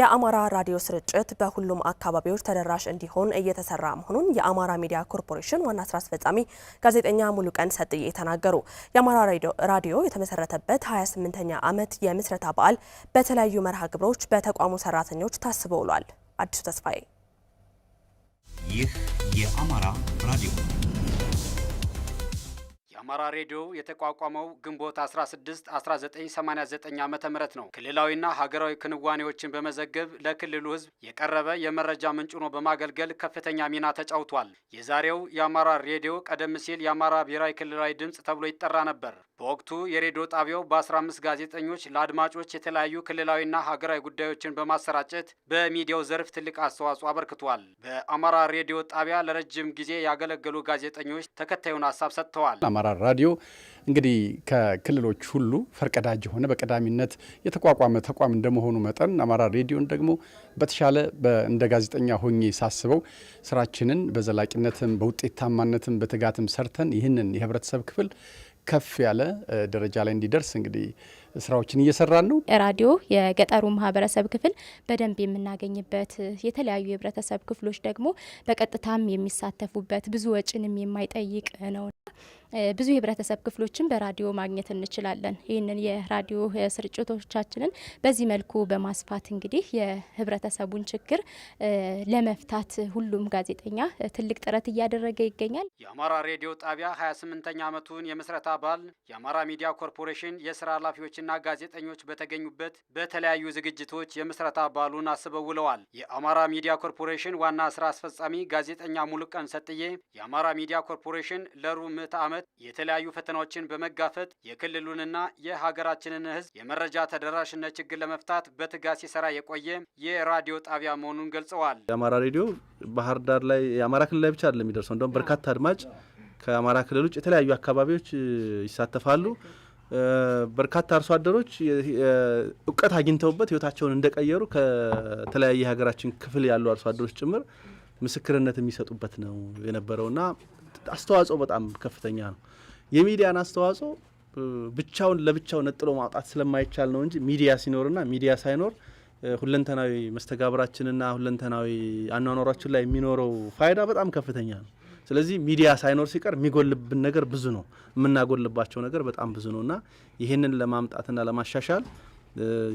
የአማራ ራዲዮ ስርጭት በሁሉም አካባቢዎች ተደራሽ እንዲሆን እየተሰራ መሆኑን የአማራ ሚዲያ ኮርፖሬሽን ዋና ስራ አስፈጻሚ ጋዜጠኛ ሙሉቀን ሰጥዬ ተናገሩ። የአማራ ራዲዮ የተመሰረተበት 28ኛ ዓመት የምስረታ በዓል በተለያዩ መርሃ ግብሮች በተቋሙ ሰራተኞች ታስቦ ውሏል። አዲሱ ተስፋዬ። ይህ የአማራ ራዲዮ አማራ ሬዲዮ የተቋቋመው ግንቦት 16 1989 ዓ ም ነው። ክልላዊና ሀገራዊ ክንዋኔዎችን በመዘገብ ለክልሉ ሕዝብ የቀረበ የመረጃ ምንጭ ሆኖ በማገልገል ከፍተኛ ሚና ተጫውቷል። የዛሬው የአማራ ሬዲዮ ቀደም ሲል የአማራ ብሔራዊ ክልላዊ ድምፅ ተብሎ ይጠራ ነበር። በወቅቱ የሬዲዮ ጣቢያው በ15 ጋዜጠኞች ለአድማጮች የተለያዩ ክልላዊና ሀገራዊ ጉዳዮችን በማሰራጨት በሚዲያው ዘርፍ ትልቅ አስተዋጽኦ አበርክቷል። በአማራ ሬዲዮ ጣቢያ ለረጅም ጊዜ ያገለገሉ ጋዜጠኞች ተከታዩን ሀሳብ ሰጥተዋል። አማራ ራዲዮ እንግዲህ ከክልሎች ሁሉ ፈርቀዳጅ የሆነ በቀዳሚነት የተቋቋመ ተቋም እንደመሆኑ መጠን አማራ ሬዲዮን ደግሞ በተሻለ እንደ ጋዜጠኛ ሆኜ ሳስበው ስራችንን በዘላቂነትም በውጤታማነትም በትጋትም ሰርተን ይህንን የህብረተሰብ ክፍል ከፍ ያለ ደረጃ ላይ እንዲደርስ እንግዲህ ስራዎችን እየሰራን ነው። ራዲዮ የገጠሩ ማህበረሰብ ክፍል በደንብ የምናገኝበት የተለያዩ የህብረተሰብ ክፍሎች ደግሞ በቀጥታም የሚሳተፉበት ብዙ ወጪንም የማይጠይቅ ነውና ብዙ የህብረተሰብ ክፍሎችን በራዲዮ ማግኘት እንችላለን። ይህንን የራዲዮ ስርጭቶቻችንን በዚህ መልኩ በማስፋት እንግዲህ የህብረተሰቡን ችግር ለመፍታት ሁሉም ጋዜጠኛ ትልቅ ጥረት እያደረገ ይገኛል። የአማራ ሬዲዮ ጣቢያ 28ኛ ዓመቱን የምስረታ በዓል የአማራ ሚዲያ ኮርፖሬሽን የስራ ኃላፊዎች ጸሐፊዎችና ጋዜጠኞች በተገኙበት በተለያዩ ዝግጅቶች የምስረታ በዓሉን አስበው ውለዋል። የአማራ ሚዲያ ኮርፖሬሽን ዋና ስራ አስፈጻሚ ጋዜጠኛ ሙሉቀን ሰጥዬ የአማራ ሚዲያ ኮርፖሬሽን ለሩብ ምዕተ ዓመት የተለያዩ ፈተናዎችን በመጋፈጥ የክልሉንና የሀገራችንን ህዝብ የመረጃ ተደራሽነት ችግር ለመፍታት በትጋት ሲሰራ የቆየ የራዲዮ ጣቢያ መሆኑን ገልጸዋል። የአማራ ሬዲዮ ባህር ዳር ላይ የአማራ ክልል ላይ ብቻ አይደለም የሚደርሰው። እንደውም በርካታ አድማጭ ከአማራ ክልል ውጭ የተለያዩ አካባቢዎች ይሳተፋሉ። በርካታ አርሶ አደሮች እውቀት አግኝተውበት ህይወታቸውን እንደቀየሩ ከተለያየ የሀገራችን ክፍል ያሉ አርሶ አደሮች ጭምር ምስክርነት የሚሰጡበት ነው የነበረው እና አስተዋጽኦ በጣም ከፍተኛ ነው። የሚዲያን አስተዋጽኦ ብቻውን ለብቻው ነጥሎ ማውጣት ስለማይቻል ነው እንጂ ሚዲያ ሲኖርና ሚዲያ ሳይኖር ሁለንተናዊ መስተጋብራችንና ሁለንተናዊ አኗኗሯችን ላይ የሚኖረው ፋይዳ በጣም ከፍተኛ ነው። ስለዚህ ሚዲያ ሳይኖር ሲቀር የሚጎልብን ነገር ብዙ ነው፣ የምናጎልባቸው ነገር በጣም ብዙ ነው እና ይህንን ለማምጣትና ለማሻሻል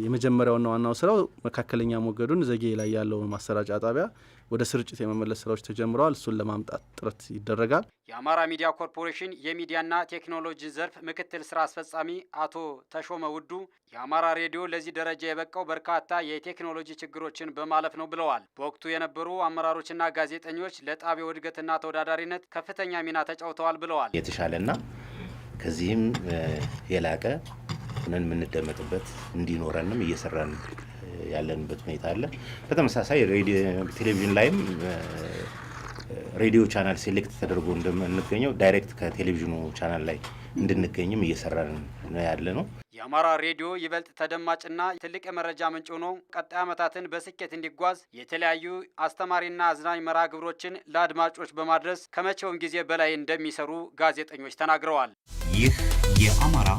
የመጀመሪያውና ዋናው ስራው መካከለኛ ሞገዱን ዘጌ ላይ ያለው ማሰራጫ ጣቢያ ወደ ስርጭት የመመለስ ስራዎች ተጀምረዋል። እሱን ለማምጣት ጥረት ይደረጋል። የአማራ ሚዲያ ኮርፖሬሽን የሚዲያና ቴክኖሎጂ ዘርፍ ምክትል ስራ አስፈጻሚ አቶ ተሾመ ውዱ የአማራ ሬዲዮ ለዚህ ደረጃ የበቃው በርካታ የቴክኖሎጂ ችግሮችን በማለፍ ነው ብለዋል። በወቅቱ የነበሩ አመራሮችና ጋዜጠኞች ለጣቢያው እድገትና ተወዳዳሪነት ከፍተኛ ሚና ተጫውተዋል ብለዋል። የተሻለና ከዚህም የላቀ ሆነን የምንደመጥበት እንዲኖረንም እየሰራን ያለንበት ሁኔታ አለ። በተመሳሳይ ቴሌቪዥን ላይም ሬዲዮ ቻናል ሴሌክት ተደርጎ እንደምንገኘው ዳይሬክት ከቴሌቪዥኑ ቻናል ላይ እንድንገኝም እየሰራን ነው ያለ ነው። የአማራ ሬዲዮ ይበልጥ ተደማጭና ትልቅ የመረጃ ምንጭ ሆኖ ቀጣይ ዓመታትን በስኬት እንዲጓዝ የተለያዩ አስተማሪና አዝናኝ መርሃ ግብሮችን ለአድማጮች በማድረስ ከመቼውም ጊዜ በላይ እንደሚሰሩ ጋዜጠኞች ተናግረዋል። ይህ የአማራ